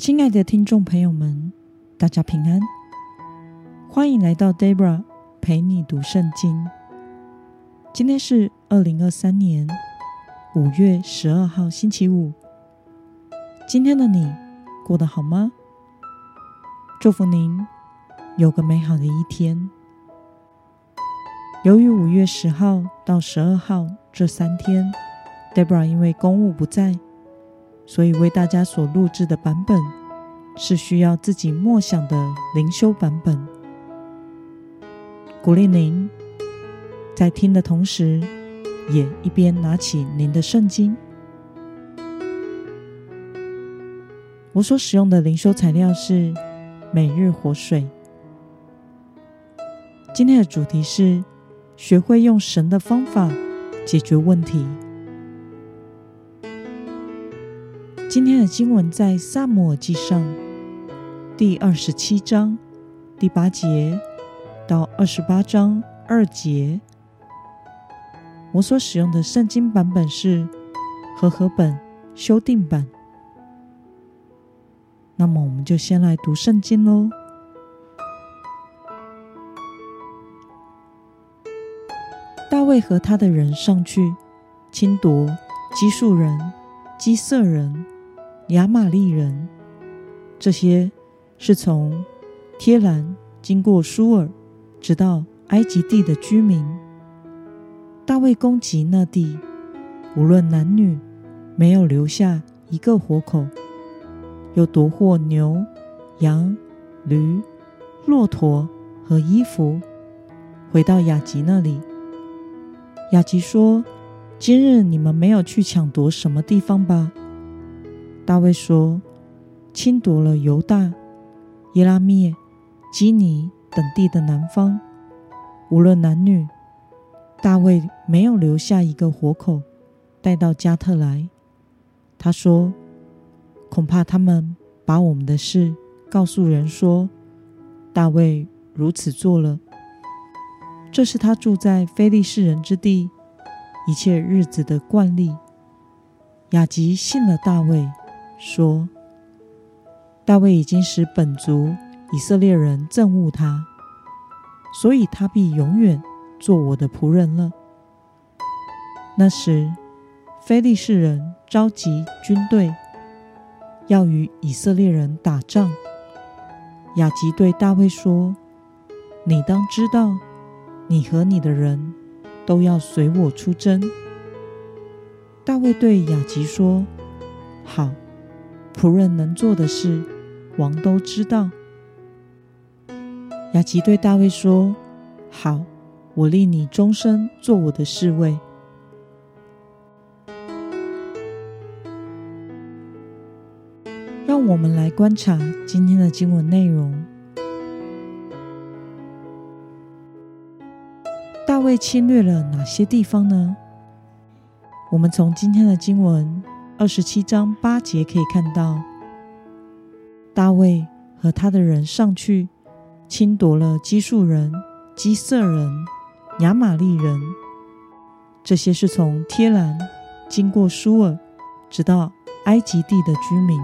親愛的聽眾朋友們，大家平安，歡迎來到 Debra 陪你讀聖經。今天是二零二三年五月十二號星期五。今天的你過得好嗎？祝福您有個美好的一天。由於五月十號到十二號這三天，Debra 因為公務不在，所以為大家所錄製的版本，是需要自己默想的靈修版本。鼓勵您在聽的同時，也一邊拿起您的聖經。我所使用的靈修材料是《每日活水》。今天的主題是學會用神的方法解決問題。今天的經文在《撒母耳記上》第二十七章第八節到二十八章二節。我所使用的聖經版本是和合，合本修訂版。那麼，我們就先來讀聖經嘍。大衛和他的人上去，侵奪基述人、基色人。亞瑪力人，這些是從帖蘭經過書珥，直到埃及地的居民。大衛攻擊那地，無論男女，沒有留下一個活口，又奪獲牛、羊、驢、駱駝和衣服，回到亞吉那裡。亞吉說：“今日你們沒有去搶奪什麼地方吧？”大衛說：“侵奪了猶大、耶拉篾、基尼等地的南方，無論男女，大衛沒有留下一個活口帶到迦特來。”他說：“恐怕他們把我們的事告訴人說，大衛如此做了。這是他住在非利士人之地一切日子的慣例。”亞吉信了大衛。說：“大衛已經使本族以色列人憎惡他，所以他必永遠做我的僕人了。”那時，非利士人召集軍隊，要與以色列人打仗。亞吉對大衛說：“你當知道，你和你的人都要隨我出征。”大衛對亞吉說：“好。”僕人能做的事，王都知道。亞吉對大衛說：“好，我立你終生做我的侍衛。”讓我們來觀察今天的經文內容。大衛侵略了哪些地方呢？我們從今天的經文。二十七章八節可以看到，大衛和他的人上去侵奪了基述人、基色人、亞瑪力人，這些是從帖蘭經過書珥，直到埃及地的居民。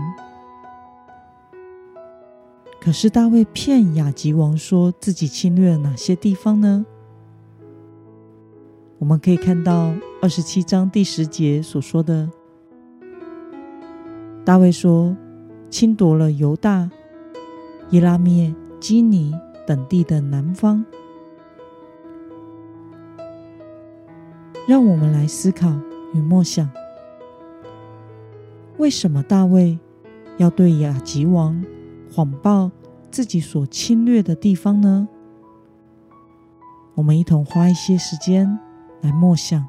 可是大衛騙亞吉王說自己侵略了哪些地方呢？我們可以看到二十七章第十節所說的。大衛說：“侵奪了猶大、耶拉篾、基尼等地的南方。”讓我們來思考與默想：為什麼大衛要對亞吉王謊報自己所侵略的地方呢？我們一同花一些時間來默想。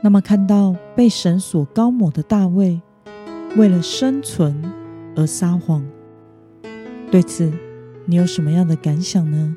那麼看到被神所膏抹的大衛，為了生存而撒謊，對此你有什麼樣的感想呢？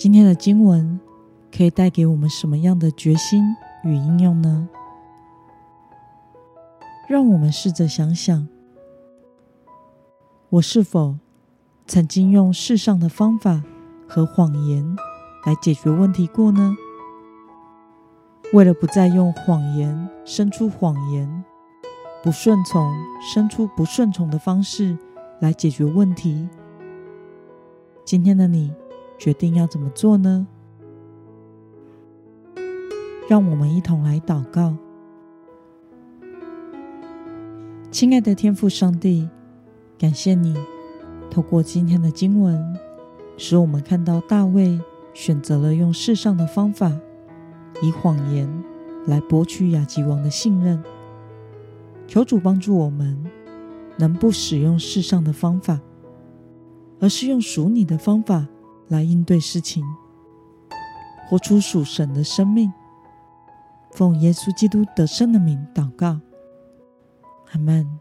今天的經文可以帶給我們什麼樣的決心與應用呢？讓我們試着想想，我是否曾經用世上的方法和謊言來解決問題過呢？為了不再用謊言生出謊言，不順從生出不順從的方式來解決問題，今天的你。決定要怎麼做呢？讓我們一同來禱告。親愛的天父上帝，感謝你透過今天的經文，使我們看到大衛選擇了用世上的方法，以謊言來博取亞吉王的信任。求主幫助我們，能不使用世上的方法，而是用屬你的方法。來應對事情，活出屬神的生命，奉耶穌基督得勝的名禱告，阿門。